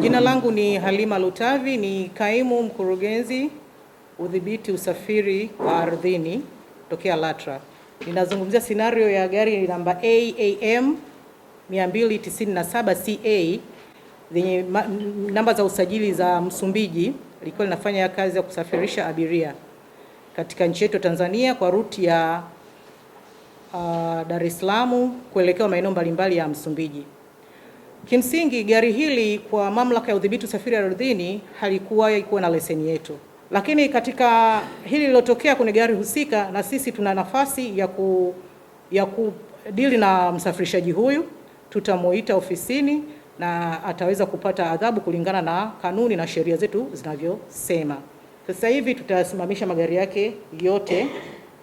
Jina langu ni Halima Lutavi, ni kaimu mkurugenzi udhibiti usafiri wa ardhini tokea LATRA. Ninazungumzia scenario ya gari namba AAM 297 CA zenye namba za usajili za Msumbiji, likiwa linafanya kazi ya kusafirisha abiria katika nchi yetu Tanzania kwa ruti ya uh, Dar es Salaam kuelekea maeneo mbalimbali ya Msumbiji. Kimsingi, gari hili kwa Mamlaka ya Udhibiti Usafiri Ardhini halikuwa kuwa na leseni yetu, lakini katika hili lilotokea kwenye gari husika, na sisi tuna nafasi ya ku ya kudili na msafirishaji huyu, tutamuita ofisini na ataweza kupata adhabu kulingana na kanuni na sheria zetu zinavyosema. Sasa hivi tutasimamisha magari yake yote.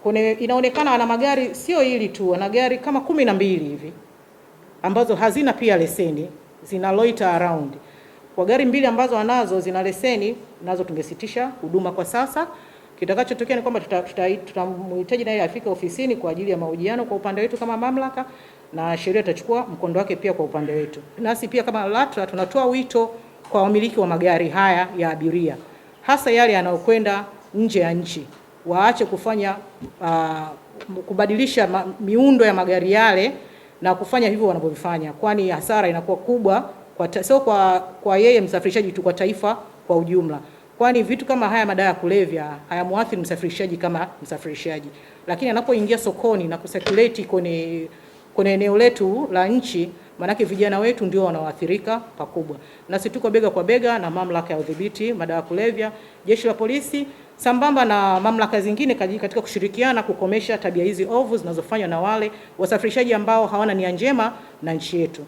Kune, inaonekana ana magari sio hili tu, ana gari kama kumi na mbili hivi ambazo hazina pia leseni zina loiter around. Kwa gari mbili ambazo anazo zina leseni nazo tumesitisha huduma kwa sasa. Kitakachotokea ni kwamba tutamhitaji tuta, tuta, naye afike ofisini kwa ajili ya mahojiano kwa upande wetu kama mamlaka, na sheria itachukua mkondo wake pia kwa upande wetu. Nasi pia kama LATRA tunatoa wito kwa wamiliki wa magari haya ya abiria, hasa yale yanayokwenda nje ya nchi, waache kufanya uh, kubadilisha ma, miundo ya magari yale na kufanya hivyo wanavyofanya, kwani hasara inakuwa kubwa kwa sio kwa, kwa yeye msafirishaji tu, kwa taifa kwa ujumla, kwani vitu kama haya madawa ya kulevya hayamwathiri msafirishaji kama msafirishaji, lakini anapoingia sokoni na kusakuleti kwenye kwenye eneo letu la nchi, maanake vijana wetu ndio wanaoathirika pakubwa. Nasi tuko bega kwa bega na mamlaka ya udhibiti madawa ya kulevya, jeshi la polisi sambamba na mamlaka zingine katika kushirikiana kukomesha tabia hizi ovu zinazofanywa na wale wasafirishaji ambao hawana nia njema na nchi yetu.